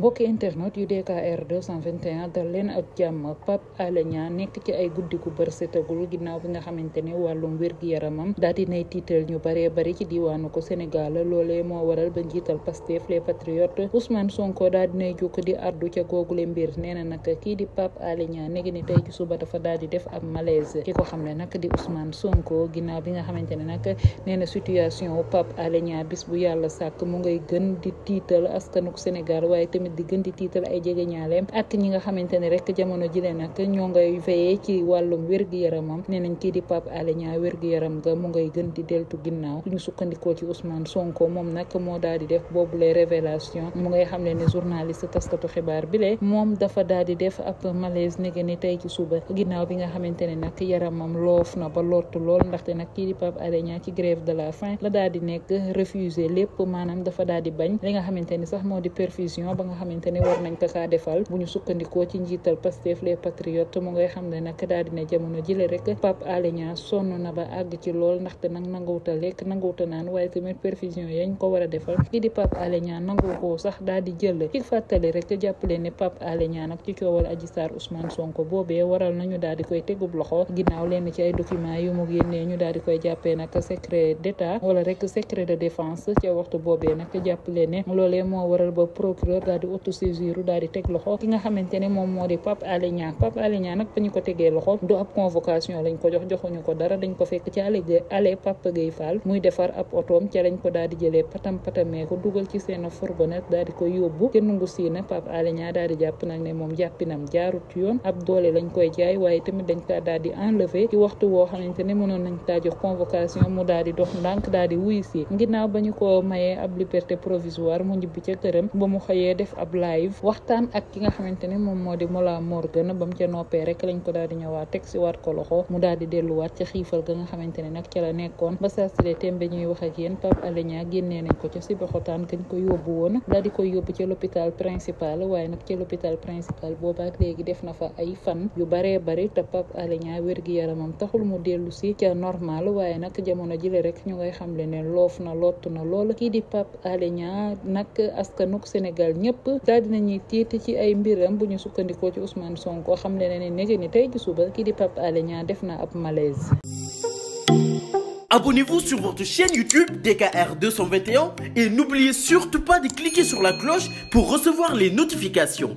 mbokki internet yu vingt 221 dal leen ak jàmm Pape Alé Niang nekk ci ay guddi gu bër setagul ginnaaw bi nga xamante ne wàllum wér-gi-yaramam daal di nay tiital ñu baree bari ci diiwaanu ko Sénégal loolee moo waral ba njiital Pastef les patriotes Ousmane Sonko daal dinay jukk di addu ca googule mbir nee na nag kii di Pape Alé Niang negi tey ci suba dafa daal di def ab malaise ki ko xam ne nag di Ousmane Sonko ginnaaw bi nga xamante ne nag nee na situation Pape Alé Niang bu yàlla sàkk mu ngay gën di tiital askanuk Sénégal tamit di gën di tiital ay jege ñaaleem ak ñi nga xamante ne rek jamono jile nag ñoo ngay veillé ci wàllum wér-gu-yaramam nee nañ kii di Pape Alé Niang wér-gu-yaram ga mu ngay gën di deltu ginnaaw suñu sukkandikoo ci Ousmane Sonko moom nag moo daal di def boobu les révélations mu ngay xam ne ne journaliste taskatu xibaar bi moom dafa daal di def ab malaise nege tey ci suba ginnaaw bi nga xamante ne nag yaramam loof na ba lottu lool ndaxte nag kii di Pape Alé de la faim la daal di nekk refusé lépp maanaam dafa daal di bañ li nga xamante sax moo di perfusion ba nga xamante ne war nañ ko kaa defal bu ñu sukkandikoo na ba àgg ci lool ndaxte nag nanguwuta a defal kii di Pape Alé Niang nangu ne Pape Alé Niang nag ci coowal Adji Sarr Ousmane Sonko boobee waral nañu daal di koy tegub loxo ginnaaw lenn ci ay document yu mu génnee ñu daal di koy jàppee nag secret d'état wala rek secret de défense ca waxtu boobee nag jàppale ne loolee moo waral ba procureur daal di autosaisir daal di teg loxo ki nga xamante ne moom moo di Pape Alé Niang Pape Alé Niang nag ba ñu ko tegee loxo du ab convocation lañ ko jox joxuñu ko dara dañ ko fekk ci ale ale Pape Gueye Fall muy defar ab otoom ca lañ ko daal jëlee patam patamee dugal ci seen fourgonnette daal di yóbbu ca nungu siina Pape Alé Niang jàpp nag ne moom jàppinam jaarut yoon ab doole lañ koy jaay waaye tamit dañ kaa daal enlever ci waxtu woo xamante ne mënoon nañ ko ab live waxtaan ak ki nga xamante ne moom moo di Mollah Morgun ba mu ca noppee rek lañ ko daal di ñëwaat teg si waat ko loxo mu daal di delluwaat ca xiifal ga nga xamante ne nag ca la nekkoon ba saa sile tembe ñuy wax ak yéen Pape Alé Niang génnee nañ ko ca Sébikotane gañ ko yóbbu woon daal di koy yóbbu ca l'hôpital principal waaye nag ca l'hôpital principal boobaak léegi def na fa ay fan yu baree bari te Pape Alé Niang wér gi yaramam taxul mu dellu si ca normal waaye nag jamono jile rek ñu ngay xamle ne loof na lottu na lool kii di Pape Alé Niang nag askanuk Sénégal ñëpp yëpp dina dinañuy tiit ci ay mbiram bu ñu sukkandikoo ci Ousmane Sonko xam ne ne nege ni tey ci suba kii di Pape Alé Niang def na ab malaise. Abonnez-vous sur votre chaîne YouTube DKR et n'oubliez surtout pas de cliquer sur la cloche pour recevoir les notifications.